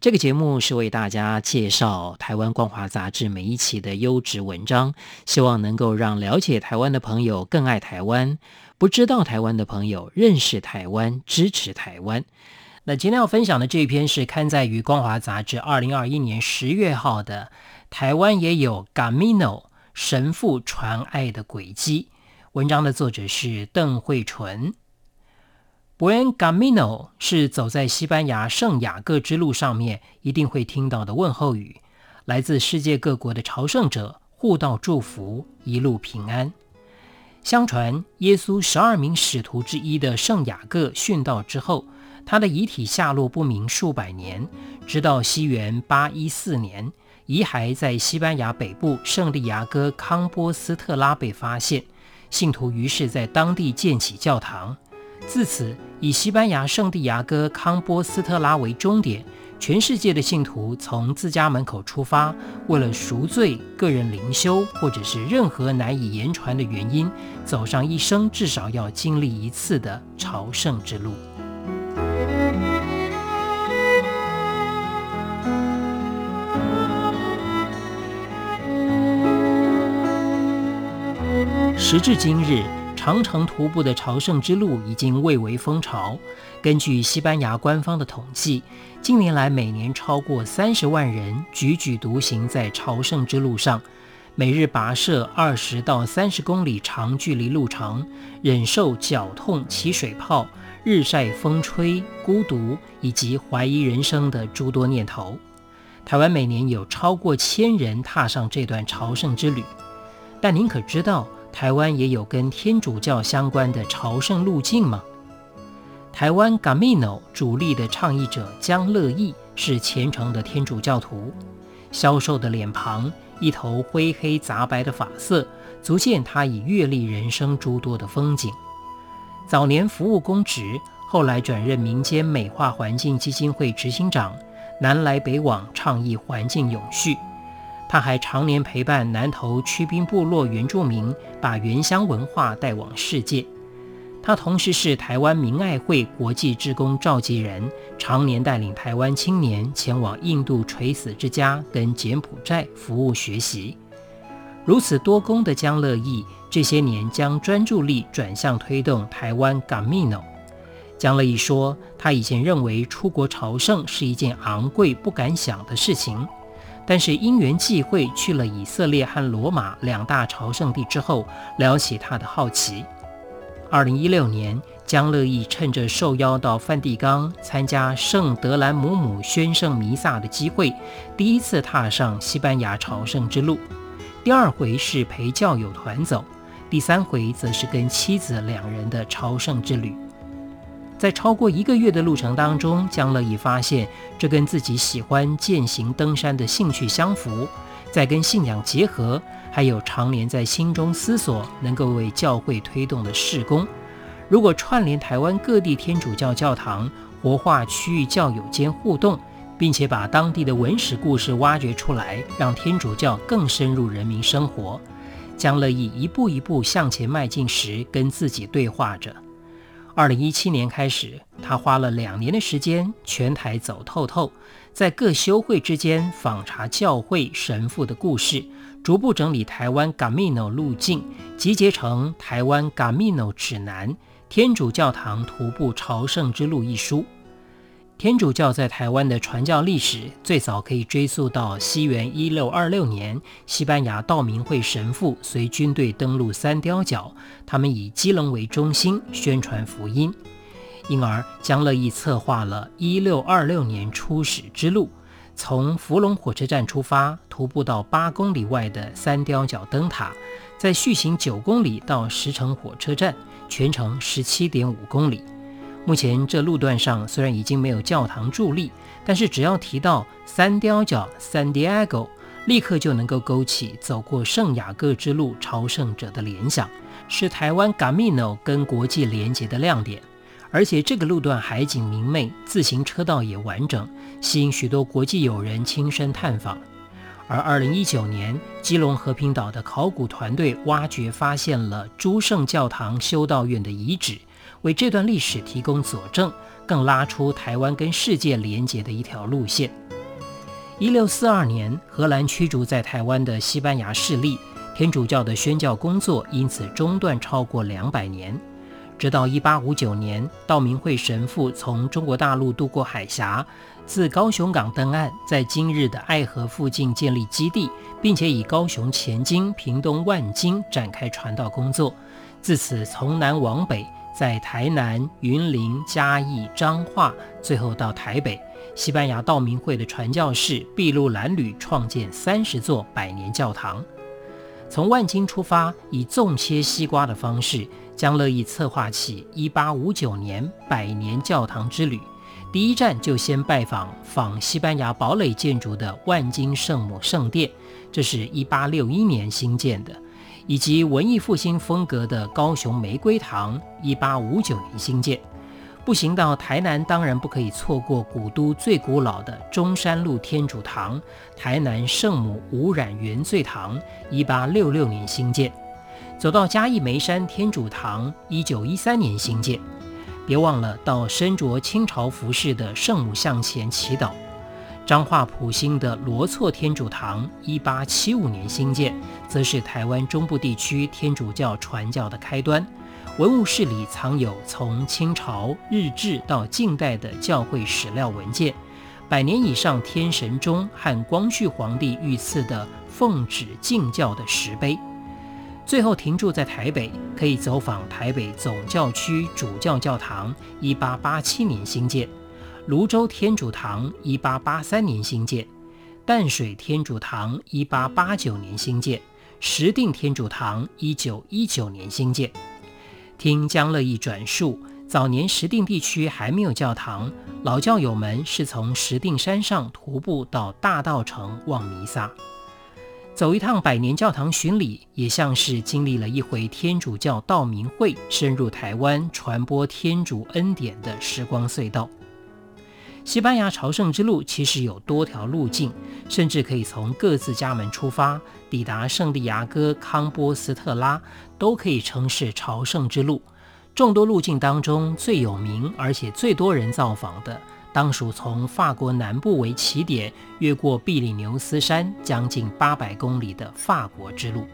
這個節目是為大家介紹台灣光華雜誌每一期的優質文章，希望能夠讓了解台灣的朋友更愛台灣，不知道台灣的朋友認識台灣，支持台灣。那今天要分享的這篇是刊載於光華雜誌二零二一年十月號的《台灣也有 Camino 神父傳愛的軌跡》，文章的作者是鄧慧純。Buen Camino” 是走在西班牙聖雅各之路上面一定會聽到的問候語，來自世界各國的朝聖者互道祝福，一路平安。相傳，耶穌十二名使徒之一的聖雅各殉道之後，他的遺體下落不明數百年，直到西元八一四年，遺骸在西班牙北部聖地牙哥康波斯特拉被發現，信徒於是在當地建起教堂。自此，以西班牙聖地牙哥康波斯特拉為終點，全世界的信徒從自家門口出發，為了贖罪、個人靈修，或者是任何難以言傳的原因，走上一生至少要經歷一次的朝聖之路。時至今日，長城徒步的朝聖之路已經蔚為風潮。根據西班牙官方的統計，近年來每年超過三十萬人踽踽獨行在朝聖之路上，每日跋涉二十到三十公里長距離路程，忍受腳痛、起水泡、日曬、風吹、孤獨以及懷疑人生的諸多念頭。台灣每年有超過千人踏上這段朝聖之旅，但您可知道？台灣也有跟天主教相關的朝聖路徑嗎？台灣 Camino 主力的倡議者江樂毅是虔誠的天主教徒，消瘦的臉龐，一頭灰黑雜白的髮色，足見他已閱歷人生諸多的風景。早年服務公職，後來轉任民間美化環境基金會執行長，南來北往，倡議環境永續。他還常年陪伴南投曲冰部落原住民，把原鄉文化帶往世界。他同時是台灣明愛會國際志工召集人，常年帶領台灣青年前往印度垂死之家跟柬埔寨服務學習。如此多功的姜樂義這些年將專注力轉向推動台灣 Camino，姜樂義說：“他以前認為出國朝聖是一件昂貴不敢想的事情。”但是因緣際會去了以色列和羅馬兩大朝聖地之後，撩起他的好奇。二零一六年，江樂意趁着受邀到梵蒂岡參加聖德蘭姆姆宣聖彌撒的機會，第一次踏上西班牙朝聖之路。第二回是陪教友團走，第三回則是跟妻子兩人的朝聖之旅。在超過一個月的路程當中，江樂意發現，這跟自己喜歡健行登山的興趣相符。再跟信仰結合，還有常年在心中思索能夠為教會推動的事工。如果串聯台灣各地天主教教堂，活化區域教友間互動，並且把當地的文史故事挖掘出來，讓天主教更深入人民生活。江樂意一步一步向前邁進時，跟自己對話着。二零一七年開始，他花了兩年的時間，全台走透透，在各修會之間訪查教會神父的故事，逐步整理台灣 Camino 路徑，集結成《台灣 Camino 指南：天主教堂徒步朝聖之路》一書。天主教在台灣的傳教歷史最早可以追溯到西元1626年，西班牙道明會神父隨軍隊登陸三貂角，他們以基隆為中心宣傳福音，因而江樂毅策劃了1626年初始之路，從福隆火車站出發，徒步到八公里外的三貂角燈塔，再續行九公里到石城火車站，全程十七點五公里。目前這路段上雖然已經沒有教堂佇立，但是只要提到三貂角 （San Diego），立刻就能夠勾起走過聖雅各之路朝聖者的聯想，是台灣 Camino 跟國際聯結的亮點。而且這個路段海景明媚，自行車道也完整，吸引許多國際友人親身探訪。而2019年，基隆和平島的考古團隊挖掘發現了諸聖教堂修道院的遺址。為這段歷史提供佐證，更拉出台灣跟世界連結的一條路線。一六四二年，荷蘭驅逐在台灣的西班牙勢力，天主教的宣教工作因此中斷超過兩百年。直到一八五九年，道明會神父從中國大陸渡過海峽，自高雄港登岸，在今日的愛河附近建立基地，並且以高雄、前金、屏東、萬金展開傳道工作。自此，從南往北。在台南、雲林、嘉義、彰化，最後到台北，西班牙道明會的傳教士篳路藍縷創建三十座百年教堂。從萬金出發，以縱切西瓜的方式，將樂意策劃起1859年百年教堂之旅。第一站就先拜訪仿西班牙堡壘建築的萬金聖母聖殿，這是一八六一年新建的。以及文藝復興風格的高雄玫瑰堂 （1859 年興建）。步行到台南，當然不可以錯過古都最古老的中山路天主堂、台南聖母無染原罪堂 （1866 年興建）。走到嘉義梅山天主堂 （1913 年興建），別忘了到身着清朝服飾的聖母像前祈禱。彰化埔心的羅厝天主堂，1875年興建，則是台灣中部地區天主教傳教的開端。文物室裡藏有從清朝日治到近代的教會史料文件，百年以上天神鐘、和光緒皇帝御賜的“奉旨禁教”的石碑。最後停駐在台北，可以走訪台北總教區主教教教堂，1887年興建。瀘州天主堂一八八三年興建，淡水天主堂一八八九年興建，石碇天主堂一九一九年興建。聽江樂毅轉述，早年石碇地區還沒有教堂，老教友們是從石碇山上徒步到大稻埕望彌撒，走一趟百年教堂巡禮，也像是經歷了一回天主教道明會深入台灣傳播天主恩典的時光隧道。西班牙朝聖之路其實有多條路徑，甚至可以從各自家門出發，抵達聖地牙哥康波斯特拉，都可以稱是朝聖之路。眾多路徑當中，最有名而且最多人造訪的，當屬從法國南部為起點，越過比利牛斯山，將近八百公里的法國之路。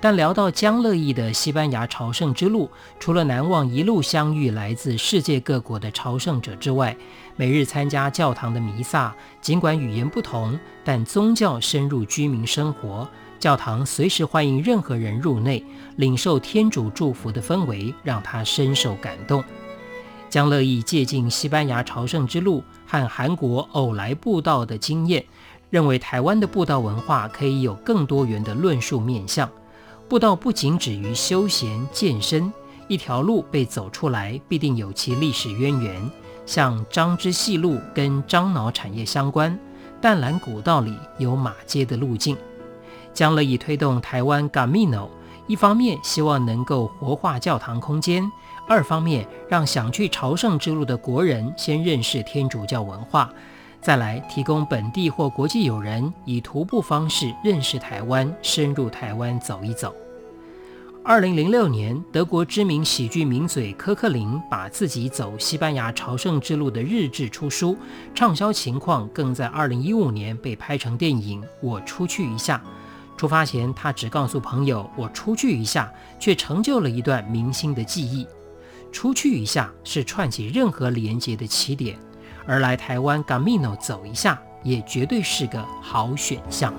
但聊到江樂意的西班牙朝聖之路，除了難忘一路相遇來自世界各國的朝聖者之外，每日參加教堂的彌撒，儘管語言不同，但宗教深入居民生活。教堂隨時歡迎任何人入內，領受天主祝福的氛圍讓他深受感動。將樂意借鏡西班牙朝聖之路和韓國偶來步道的經驗，認為台灣的步道文化可以有更多元的論述面向。步道不僅止於休閒健身，一條路被走出來，必定有其歷史淵源。像樟之細路跟樟腦產業相關，淡蘭古道裡有馬偕的路徑。將樂以推動台灣 Camino，一方面希望能夠活化教堂空間，二方面讓想去朝聖之路的國人先認識天主教文化，再來提供本地或國際友人以徒步方式認識台灣，深入台灣走一走。二零零六年，德國知名喜劇名嘴科克林把自己走西班牙朝聖之路的日誌出書，暢銷情況更在二零一五年被拍成電影《我出去一下》。出發前，他只告訴朋友“我出去一下”，卻成就了一段明星的記憶。出去一下是串起任何連接的起點，而來台灣 Camino 走一下，也絕對是個好選項。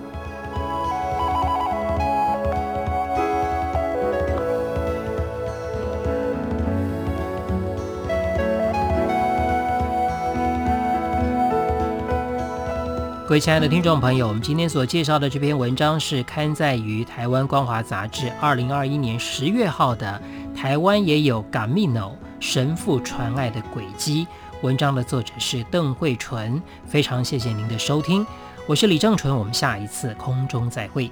各位親愛的聽眾朋友，我們今天所介紹的這篇文章是刊載於台灣光華雜誌二零二一年十月號的《台灣也有 Camino 神父傳愛的軌跡》。文章的作者是鄧慧純。非常謝謝您的收聽，我是李正純，我們下一次空中再會。